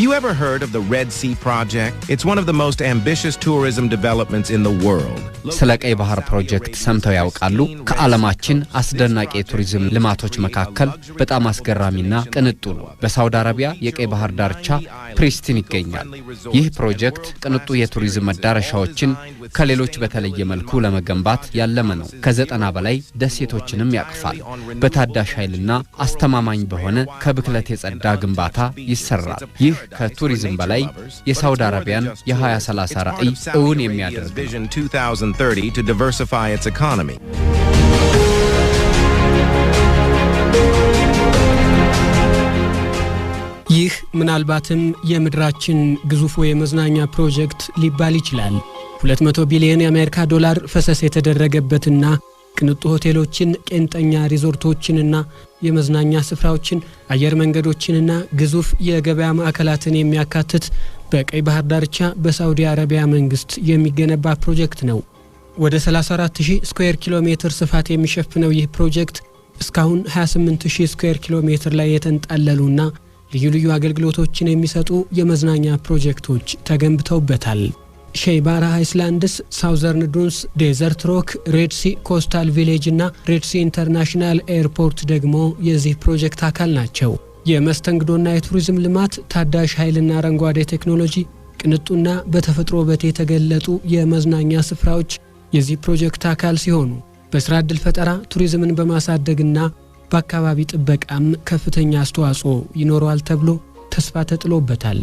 Have you ever heard of the Red Sea Project? It's one of the most ambitious tourism developments in the world. ስለ ቀይ ባህር ፕሮጀክት ሰምተው ያውቃሉ? ከዓለማችን አስደናቂ የቱሪዝም ልማቶች መካከል በጣም አስገራሚና ቅንጡ ነው። በሳውዲ አረቢያ የቀይ ባህር ዳርቻ ፕሪስቲን ይገኛል። ይህ ፕሮጀክት ቅንጡ የቱሪዝም መዳረሻዎችን ከሌሎች በተለየ መልኩ ለመገንባት ያለመ ነው። ከዘጠና በላይ ደሴቶችንም ያቅፋል። በታዳሽ ኃይልና አስተማማኝ በሆነ ከብክለት የጸዳ ግንባታ ይሰራል። ይህ ከቱሪዝም በላይ የሳውዲ አረቢያን የ2030 ራዕይ እውን የሚያደርግ ነው። ይህ ምናልባትም የምድራችን ግዙፉ የመዝናኛ ፕሮጀክት ሊባል ይችላል። 200 ቢሊዮን የአሜሪካ ዶላር ፈሰስ የተደረገበትና ቅንጡ ሆቴሎችን፣ ቄንጠኛ ሪዞርቶችንና የመዝናኛ ስፍራዎችን፣ አየር መንገዶችንና ግዙፍ የገበያ ማዕከላትን የሚያካትት በቀይ ባህር ዳርቻ በሳዑዲ አረቢያ መንግስት የሚገነባ ፕሮጀክት ነው። ወደ 34000 ስኩዌር ኪሎ ሜትር ስፋት የሚሸፍነው ይህ ፕሮጀክት እስካሁን 28000 ስኩዌር ኪሎ ሜትር ላይ የተንጣለሉና ልዩ ልዩ አገልግሎቶችን የሚሰጡ የመዝናኛ ፕሮጀክቶች ተገንብተውበታል። ሼይባር አይስላንድስ፣ ሳውዘርን ዱንስ፣ ዴዘርት ሮክ፣ ሬድሲ ኮስታል ቪሌጅ እና ሬድሲ ኢንተርናሽናል ኤርፖርት ደግሞ የዚህ ፕሮጀክት አካል ናቸው። የመስተንግዶና የቱሪዝም ልማት፣ ታዳሽ ኃይልና አረንጓዴ ቴክኖሎጂ፣ ቅንጡና በተፈጥሮ ውበት የተገለጡ የመዝናኛ ስፍራዎች የዚህ ፕሮጀክት አካል ሲሆኑ በስራ ዕድል ፈጠራ ቱሪዝምን በማሳደግና በአካባቢ ጥበቃም ከፍተኛ አስተዋጽኦ ይኖረዋል ተብሎ ተስፋ ተጥሎበታል።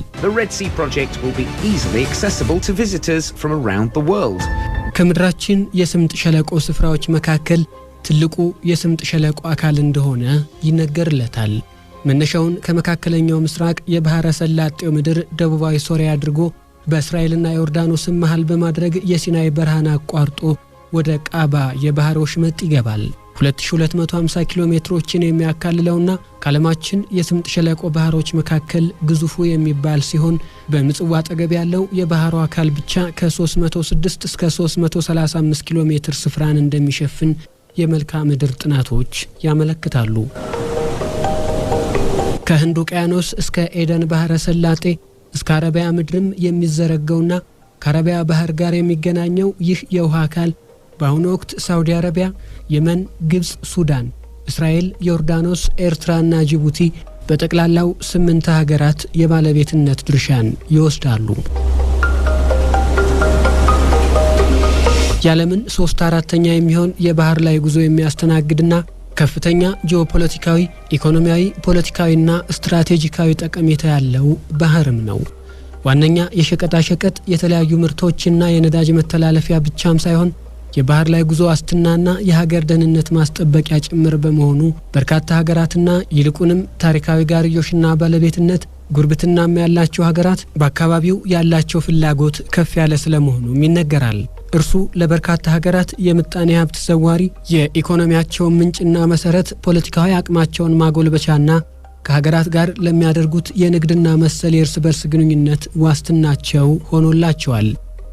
ከምድራችን የስምጥ ሸለቆ ስፍራዎች መካከል ትልቁ የስምጥ ሸለቆ አካል እንደሆነ ይነገርለታል። መነሻውን ከመካከለኛው ምስራቅ የባሕረ ሰላጤው ምድር ደቡባዊ ሶሪያ አድርጎ በእስራኤልና ዮርዳኖስም መሃል በማድረግ የሲናይ በረሃን አቋርጦ ወደ ቃባ የባሕር ወሽመጥ ይገባል። 2250 ኪሎ ሜትሮችን የሚያካልለውና ከዓለማችን የስምጥ ሸለቆ ባህሮች መካከል ግዙፉ የሚባል ሲሆን በምጽዋ አጠገብ ያለው የባህሩ አካል ብቻ ከ306 እስከ 335 ኪሎ ሜትር ስፍራን እንደሚሸፍን የመልክዓ ምድር ጥናቶች ያመለክታሉ። ከህንድ ውቅያኖስ እስከ ኤደን ባህረ ሰላጤ እስከ አረቢያ ምድርም የሚዘረገውና ከአረቢያ ባህር ጋር የሚገናኘው ይህ የውሃ አካል በአሁኑ ወቅት ሳውዲ አረቢያ፣ የመን፣ ግብፅ፣ ሱዳን፣ እስራኤል፣ ዮርዳኖስ፣ ኤርትራና ጅቡቲ በጠቅላላው ስምንት ሀገራት የባለቤትነት ድርሻን ይወስዳሉ። የዓለምን ሶስት አራተኛ የሚሆን የባህር ላይ ጉዞ የሚያስተናግድና ከፍተኛ ጂኦፖለቲካዊ፣ ኢኮኖሚያዊ፣ ፖለቲካዊና ስትራቴጂካዊ ጠቀሜታ ያለው ባህርም ነው። ዋነኛ የሸቀጣሸቀጥ የተለያዩ ምርቶችና የነዳጅ መተላለፊያ ብቻም ሳይሆን የባህር ላይ ጉዞ ዋስትናና የሀገር ደህንነት ማስጠበቂያ ጭምር በመሆኑ በርካታ ሀገራትና ይልቁንም ታሪካዊ ጋርዮሽና ባለቤትነት ጉርብትናም ያላቸው ሀገራት በአካባቢው ያላቸው ፍላጎት ከፍ ያለ ስለመሆኑም ይነገራል። እርሱ ለበርካታ ሀገራት የምጣኔ ሀብት ዘዋሪ፣ የኢኮኖሚያቸውን ምንጭና መሰረት፣ ፖለቲካዊ አቅማቸውን ማጎልበቻና ከሀገራት ጋር ለሚያደርጉት የንግድና መሰል የእርስ በርስ ግንኙነት ዋስትናቸው ሆኖላቸዋል።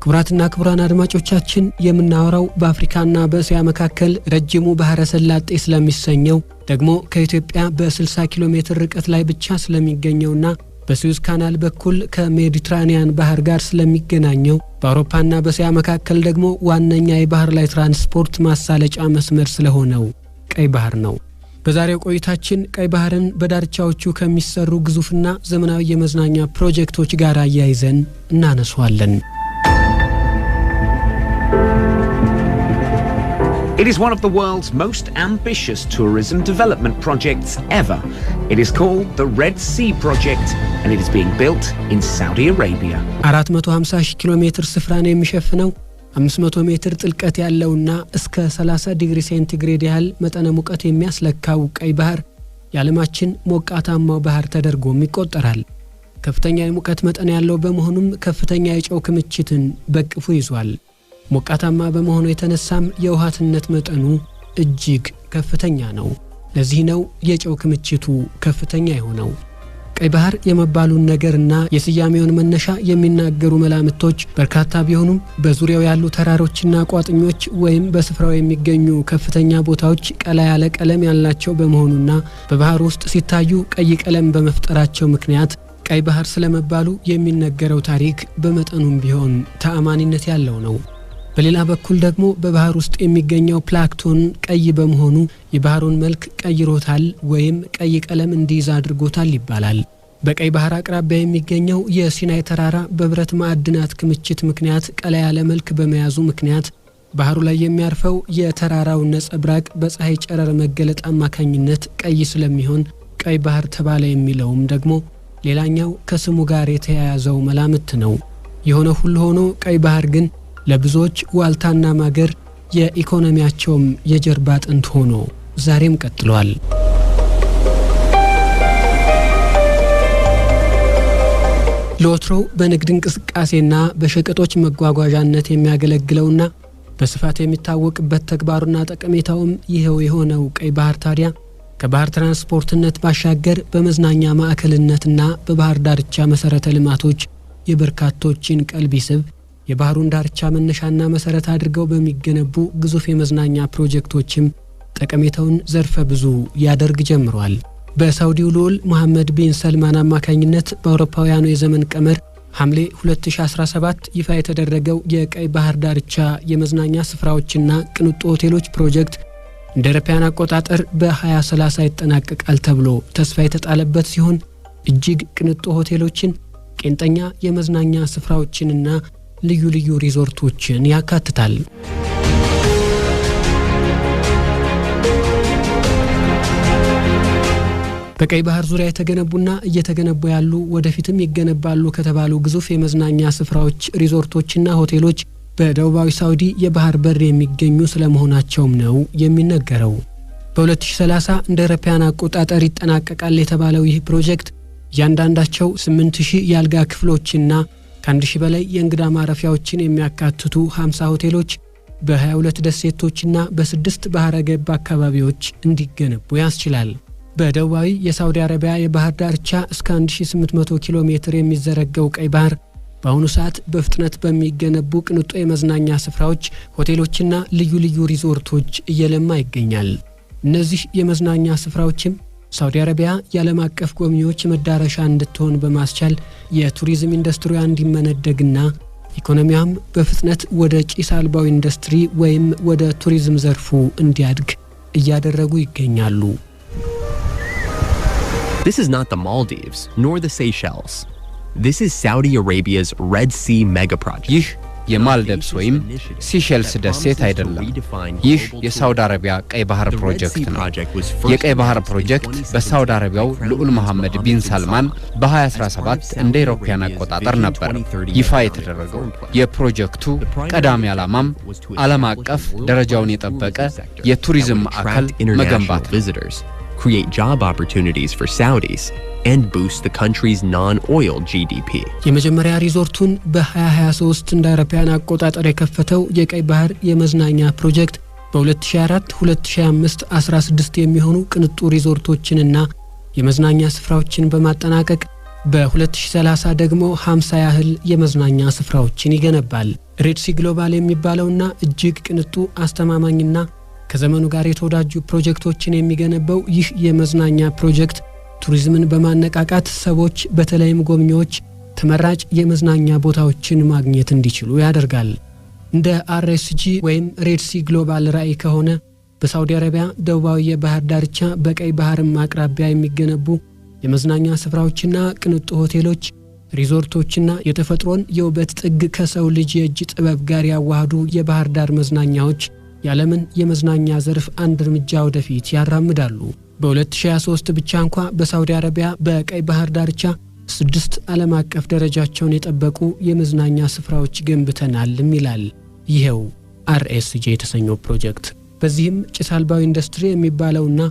ክቡራትና ክቡራን አድማጮቻችን የምናወራው በአፍሪካና በእስያ መካከል ረጅሙ ባህረ ሰላጤ ስለሚሰኘው ደግሞ ከኢትዮጵያ በ60 ኪሎ ሜትር ርቀት ላይ ብቻ ስለሚገኘውና በስዊዝ ካናል በኩል ከሜዲትራኒያን ባህር ጋር ስለሚገናኘው በአውሮፓና በእስያ መካከል ደግሞ ዋነኛ የባህር ላይ ትራንስፖርት ማሳለጫ መስመር ስለሆነው ቀይ ባህር ነው። በዛሬው ቆይታችን ቀይ ባህርን በዳርቻዎቹ ከሚሰሩ ግዙፍና ዘመናዊ የመዝናኛ ፕሮጀክቶች ጋር አያይዘን እናነሷለን። It is one of the world's most ambitious tourism development projects ever. It is called the Red Sea Project and it is being built in Saudi Arabia. 450 ኪሎ ሜትር ስፍራን የሚሸፍነው 500 ሜትር ጥልቀት ያለውና እስከ 30 ዲግሪ ሴንቲግሬድ ያህል መጠነ ሙቀት የሚያስለካው ቀይ ባህር የዓለማችን ሞቃታማው ባህር ተደርጎም ይቆጠራል። ከፍተኛ የሙቀት መጠን ያለው በመሆኑም ከፍተኛ የጨው ክምችትን በቅፉ ይዟል። ሞቃታማ በመሆኑ የተነሳም የውሃትነት መጠኑ እጅግ ከፍተኛ ነው። ለዚህ ነው የጨው ክምችቱ ከፍተኛ የሆነው። ቀይ ባህር የመባሉን ነገርና የስያሜውን መነሻ የሚናገሩ መላምቶች በርካታ ቢሆኑም በዙሪያው ያሉ ተራሮችና ቋጥኞች ወይም በስፍራው የሚገኙ ከፍተኛ ቦታዎች ቀላ ያለ ቀለም ያላቸው በመሆኑና በባህር ውስጥ ሲታዩ ቀይ ቀለም በመፍጠራቸው ምክንያት ቀይ ባህር ስለመባሉ የሚነገረው ታሪክ በመጠኑም ቢሆን ተአማኒነት ያለው ነው። በሌላ በኩል ደግሞ በባህር ውስጥ የሚገኘው ፕላክቶን ቀይ በመሆኑ የባህሩን መልክ ቀይሮታል ወይም ቀይ ቀለም እንዲይዝ አድርጎታል ይባላል። በቀይ ባህር አቅራቢያ የሚገኘው የሲናይ ተራራ በብረት ማዕድናት ክምችት ምክንያት ቀላ ያለ መልክ በመያዙ ምክንያት ባህሩ ላይ የሚያርፈው የተራራው ነጸብራቅ በፀሐይ ጨረር መገለጥ አማካኝነት ቀይ ስለሚሆን ቀይ ባህር ተባለ የሚለውም ደግሞ ሌላኛው ከስሙ ጋር የተያያዘው መላምት ነው። የሆነ ሁሉ ሆኖ ቀይ ባህር ግን ለብዙዎች ዋልታና ማገር የኢኮኖሚያቸውም የጀርባ አጥንት ሆኖ ዛሬም ቀጥሏል። ለወትሮው በንግድ እንቅስቃሴና በሸቀጦች መጓጓዣነት የሚያገለግለውና በስፋት የሚታወቅበት ተግባሩና ጠቀሜታውም ይኸው የሆነው ቀይ ባህር ታዲያ ከባህር ትራንስፖርትነት ባሻገር በመዝናኛ ማዕከልነትና በባህር ዳርቻ መሠረተ ልማቶች የበርካቶችን ቀልብ ይስብ የባህሩን ዳርቻ መነሻና መሰረት አድርገው በሚገነቡ ግዙፍ የመዝናኛ ፕሮጀክቶችም ጠቀሜታውን ዘርፈ ብዙ ያደርግ ጀምሯል። በሳውዲው ልዑል መሐመድ ቢን ሰልማን አማካኝነት በአውሮፓውያኑ የዘመን ቀመር ሐምሌ 2017 ይፋ የተደረገው የቀይ ባህር ዳርቻ የመዝናኛ ስፍራዎችና ቅንጡ ሆቴሎች ፕሮጀክት እንደ አውሮፓውያን አቆጣጠር በ2030 ይጠናቀቃል ተብሎ ተስፋ የተጣለበት ሲሆን እጅግ ቅንጡ ሆቴሎችን፣ ቄንጠኛ የመዝናኛ ስፍራዎችንና ልዩ ልዩ ሪዞርቶችን ያካትታል። በቀይ ባህር ዙሪያ የተገነቡና እየተገነቡ ያሉ ወደፊትም ይገነባሉ ከተባሉ ግዙፍ የመዝናኛ ስፍራዎች፣ ሪዞርቶችና ሆቴሎች በደቡባዊ ሳውዲ የባህር በር የሚገኙ ስለመሆናቸውም ነው የሚነገረው። በ2030 እንደ አውሮፓውያን አቆጣጠር ይጠናቀቃል የተባለው ይህ ፕሮጀክት እያንዳንዳቸው 8000 የአልጋ ክፍሎችና ከአንድ ሺህ በላይ የእንግዳ ማረፊያዎችን የሚያካትቱ 50 ሆቴሎች በ22 ደሴቶችና በስድስት ባህረ ገብ አካባቢዎች እንዲገነቡ ያስችላል። በደቡባዊ የሳውዲ አረቢያ የባህር ዳርቻ እስከ 1800 ኪሎ ሜትር የሚዘረገው ቀይ ባህር በአሁኑ ሰዓት በፍጥነት በሚገነቡ ቅንጦ የመዝናኛ ስፍራዎች፣ ሆቴሎችና ልዩ ልዩ ሪዞርቶች እየለማ ይገኛል። እነዚህ የመዝናኛ ስፍራዎችም ሳውዲ አረቢያ የዓለም አቀፍ ጎብኚዎች መዳረሻ እንድትሆን በማስቻል የቱሪዝም ኢንዱስትሪዋ እንዲመነደግና ኢኮኖሚያም በፍጥነት ወደ ጭስ አልባው ኢንዱስትሪ ወይም ወደ ቱሪዝም ዘርፉ እንዲያድግ እያደረጉ ይገኛሉ። This is not the Maldives nor the Seychelles. This is Saudi Arabia's Red Sea mega project. የማልደብስ ወይም ሲሸልስ ደሴት አይደለም። ይህ የሳውዲ አረቢያ ቀይ ባህር ፕሮጀክት ነው። የቀይ ባህር ፕሮጀክት በሳውዲ አረቢያው ልዑል መሐመድ ቢን ሳልማን በ2017 እንደ አውሮፓውያን አቆጣጠር ነበር ይፋ የተደረገው። የፕሮጀክቱ ቀዳሚ ዓላማም ዓለም አቀፍ ደረጃውን የጠበቀ የቱሪዝም ማዕከል መገንባት ነው። create job opportunities for Saudis, and boost the country's non-oil GDP. የመጀመሪያ ሪዞርቱን በ2023 እንደ አውሮፓውያን አቆጣጠር የከፈተው የቀይ ባህር የመዝናኛ ፕሮጀክት በ2004 2005 16 የሚሆኑ ቅንጡ ሪዞርቶችንና የመዝናኛ ስፍራዎችን በማጠናቀቅ በ2030 ደግሞ 50 ያህል የመዝናኛ ስፍራዎችን ይገነባል። ሬድሲ ግሎባል የሚባለውና እጅግ ቅንጡ አስተማማኝና ከዘመኑ ጋር የተወዳጁ ፕሮጀክቶችን የሚገነባው ይህ የመዝናኛ ፕሮጀክት ቱሪዝምን በማነቃቃት ሰዎች በተለይም ጎብኚዎች ተመራጭ የመዝናኛ ቦታዎችን ማግኘት እንዲችሉ ያደርጋል። እንደ አርኤስጂ ወይም ሬድሲ ግሎባል ራዕይ ከሆነ በሳውዲ አረቢያ ደቡባዊ የባህር ዳርቻ በቀይ ባህርም አቅራቢያ የሚገነቡ የመዝናኛ ስፍራዎችና ቅንጡ ሆቴሎች፣ ሪዞርቶችና የተፈጥሮን የውበት ጥግ ከሰው ልጅ የእጅ ጥበብ ጋር ያዋህዱ የባህር ዳር መዝናኛዎች የዓለምን የመዝናኛ ዘርፍ አንድ እርምጃ ወደፊት ያራምዳሉ። በ2023 ብቻ እንኳ በሳውዲ አረቢያ በቀይ ባህር ዳርቻ ስድስት ዓለም አቀፍ ደረጃቸውን የጠበቁ የመዝናኛ ስፍራዎች ገንብተናልም ይላል ይኸው አርኤስጄ የተሰኘው ፕሮጀክት። በዚህም ጭስ አልባው ኢንዱስትሪ የሚባለውና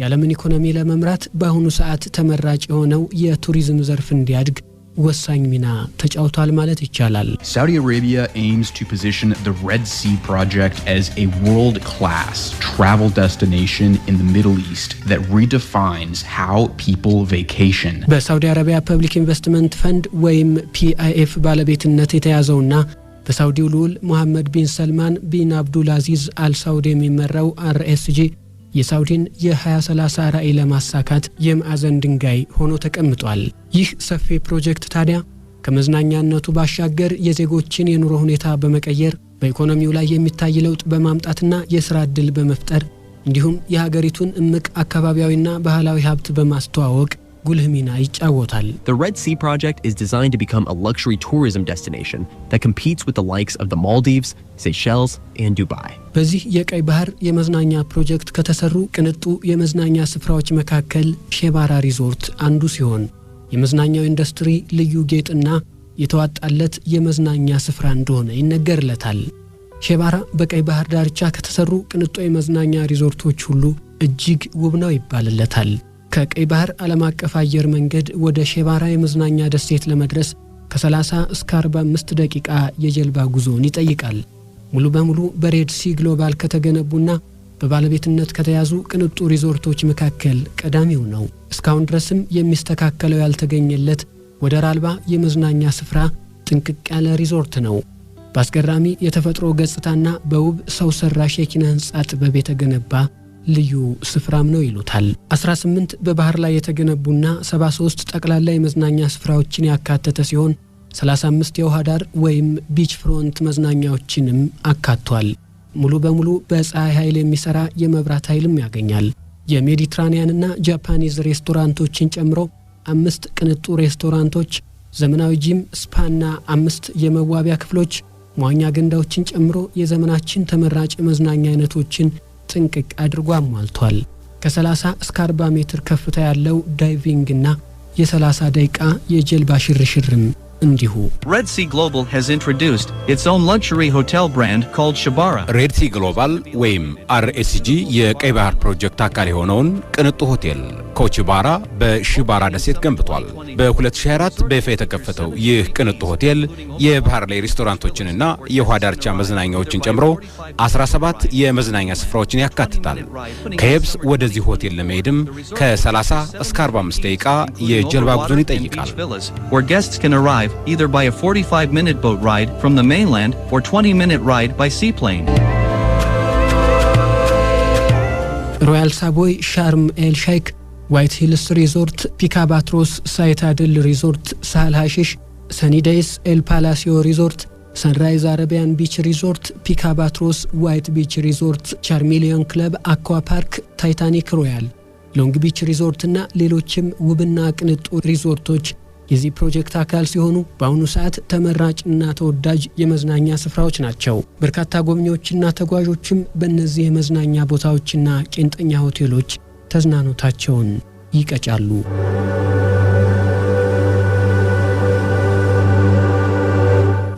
የዓለምን ኢኮኖሚ ለመምራት በአሁኑ ሰዓት ተመራጭ የሆነው የቱሪዝም ዘርፍ እንዲያድግ ወሳኝ ሚና ተጫውቷል ማለት ይቻላል። Saudi Arabia aims to position the Red Sea project as a world-class travel destination in the Middle East that redefines how people vacation። በሳውዲ አረቢያ ፐብሊክ ኢንቨስትመንት ፈንድ ወይም ፒአይኤፍ ባለቤትነት የተያዘውና በሳውዲው ልዑል ሙሐመድ ቢን ሰልማን ቢን አብዱል አዚዝ አልሳውድ የሚመራው አርኤስጂ የሳውዲን የ2030 ራዕይ ለማሳካት የማዕዘን ድንጋይ ሆኖ ተቀምጧል። ይህ ሰፊ ፕሮጀክት ታዲያ ከመዝናኛነቱ ባሻገር የዜጎችን የኑሮ ሁኔታ በመቀየር በኢኮኖሚው ላይ የሚታይ ለውጥ በማምጣትና የሥራ ዕድል በመፍጠር እንዲሁም የሀገሪቱን እምቅ አካባቢያዊና ባህላዊ ሀብት በማስተዋወቅ ጉልህ ሚና ይጫወታል። The Red Sea Project is designed to become a luxury tourism destination that competes with the likes of the Maldives, Seychelles and Dubai. በዚህ የቀይ ባህር የመዝናኛ ፕሮጀክት ከተሰሩ ቅንጡ የመዝናኛ ስፍራዎች መካከል ሼባራ ሪዞርት አንዱ ሲሆን የመዝናኛው ኢንዱስትሪ ልዩ ጌጥና የተዋጣለት የመዝናኛ ስፍራ እንደሆነ ይነገርለታል። ሼባራ በቀይ ባህር ዳርቻ ከተሰሩ ቅንጡ የመዝናኛ ሪዞርቶች ሁሉ እጅግ ውብ ነው ይባልለታል። ከቀይ ባህር ዓለም አቀፍ አየር መንገድ ወደ ሼባራ የመዝናኛ ደሴት ለመድረስ ከ30 እስከ 45 ደቂቃ የጀልባ ጉዞን ይጠይቃል። ሙሉ በሙሉ በሬድ ሲ ግሎባል ከተገነቡና በባለቤትነት ከተያዙ ቅንጡ ሪዞርቶች መካከል ቀዳሚው ነው። እስካሁን ድረስም የሚስተካከለው ያልተገኘለት ወደር አልባ የመዝናኛ ስፍራ ጥንቅቅ ያለ ሪዞርት ነው። በአስገራሚ የተፈጥሮ ገጽታና በውብ ሰው ሰራሽ የኪነ ሕንፃ ጥበብ የተገነባ ልዩ ስፍራም ነው ይሉታል። 18 በባህር ላይ የተገነቡና 73 ጠቅላላ የመዝናኛ ስፍራዎችን ያካተተ ሲሆን 35 የውሃ ዳር ወይም ቢች ፍሮንት መዝናኛዎችንም አካቷል። ሙሉ በሙሉ በፀሐይ ኃይል የሚሰራ የመብራት ኃይልም ያገኛል። የሜዲትራኒያንና ጃፓኒዝ ሬስቶራንቶችን ጨምሮ አምስት ቅንጡ ሬስቶራንቶች፣ ዘመናዊ ጂም፣ ስፓና አምስት የመዋቢያ ክፍሎች፣ መዋኛ ገንዳዎችን ጨምሮ የዘመናችን ተመራጭ መዝናኛ አይነቶችን ጥንቅቅ አድርጎ አሟልቷል። ከ30 እስከ 40 ሜትር ከፍታ ያለው ዳይቪንግና የ30 ደቂቃ የጀልባ ሽርሽርም እንዲሁ። ሬድሲ ሲ ግሎባል has introduced its own luxury hotel brand called Shibara. ሬድ ግሎባል ወይም አርኤስጂ የቀይ ባህር ፕሮጀክት አካል የሆነውን ቅንጡ ሆቴል ኮችባራ በሺባራ ደሴት ገንብቷል። በ2024 በይፋ የተከፈተው ይህ ቅንጡ ሆቴል የባህር ላይ ሬስቶራንቶችንና የውሃ ዳርቻ መዝናኛዎችን ጨምሮ 17 የመዝናኛ ስፍራዎችን ያካትታል። ከየብስ ወደዚህ ሆቴል ለመሄድም ከ30 እስከ 45 ደቂቃ የጀልባ ጉዞን ይጠይቃል። either by a 45-minute boat ride from the mainland or 20-minute ride by seaplane. Royal Savoy Charm El Sheikh White Hills Resort Picabatros Saitadel Resort Sal Hashish Sanidays El Palacio Resort Sunrise Arabian Beach Resort Picabatros White Beach Resort Charmillion Club Aqua Park Titanic Royal Long Beach Resort na lilochim wubinna knit resortoch የዚህ ፕሮጀክት አካል ሲሆኑ በአሁኑ ሰዓት ተመራጭና ተወዳጅ የመዝናኛ ስፍራዎች ናቸው። በርካታ ጎብኚዎችና ተጓዦችም በእነዚህ የመዝናኛ ቦታዎችና ቄንጠኛ ሆቴሎች ተዝናኖታቸውን ይቀጫሉ።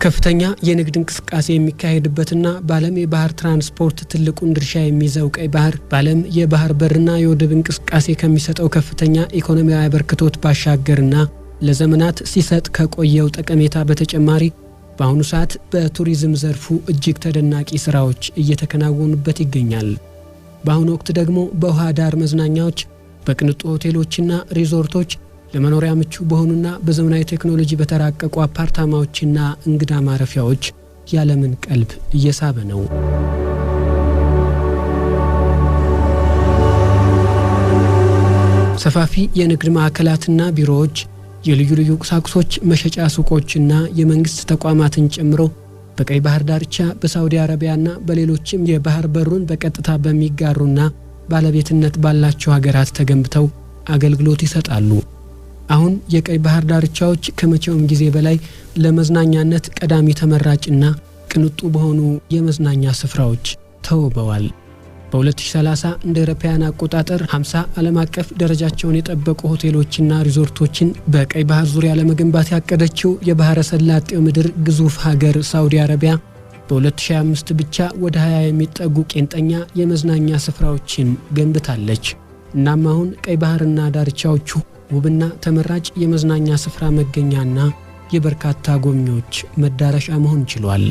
ከፍተኛ የንግድ እንቅስቃሴ የሚካሄድበትና በዓለም የባህር ትራንስፖርት ትልቁን ድርሻ የሚይዘው ቀይ ባህር በዓለም የባህር በርና የወደብ እንቅስቃሴ ከሚሰጠው ከፍተኛ ኢኮኖሚያዊ አበርክቶት ባሻገርና ለዘመናት ሲሰጥ ከቆየው ጠቀሜታ በተጨማሪ በአሁኑ ሰዓት በቱሪዝም ዘርፉ እጅግ ተደናቂ ስራዎች እየተከናወኑበት ይገኛል። በአሁኑ ወቅት ደግሞ በውሃ ዳር መዝናኛዎች፣ በቅንጡ ሆቴሎችና ሪዞርቶች፣ ለመኖሪያ ምቹ በሆኑና በዘመናዊ ቴክኖሎጂ በተራቀቁ አፓርታማዎችና እንግዳ ማረፊያዎች ያለምን ቀልብ እየሳበ ነው። ሰፋፊ የንግድ ማዕከላትና ቢሮዎች የልዩ ልዩ ቁሳቁሶች መሸጫ ሱቆችና የመንግስት ተቋማትን ጨምሮ በቀይ ባህር ዳርቻ በሳውዲ አረቢያና በሌሎችም የባህር በሩን በቀጥታ በሚጋሩና ባለቤትነት ባላቸው ሀገራት ተገንብተው አገልግሎት ይሰጣሉ። አሁን የቀይ ባህር ዳርቻዎች ከመቼውም ጊዜ በላይ ለመዝናኛነት ቀዳሚ ተመራጭና ቅንጡ በሆኑ የመዝናኛ ስፍራዎች ተውበዋል። በ2030 እንደ ኤሮፓያን አቆጣጠር 50 ዓለም አቀፍ ደረጃቸውን የጠበቁ ሆቴሎችና ሪዞርቶችን በቀይ ባህር ዙሪያ ለመገንባት ያቀደችው የባህረ ሰላጤው ምድር ግዙፍ ሀገር ሳውዲ አረቢያ በ2025 ብቻ ወደ 20 የሚጠጉ ቄንጠኛ የመዝናኛ ስፍራዎችን ገንብታለች። እናም አሁን ቀይ ባህርና ዳርቻዎቹ ውብና ተመራጭ የመዝናኛ ስፍራ መገኛና የበርካታ ጎብኚዎች መዳረሻ መሆን ችሏል።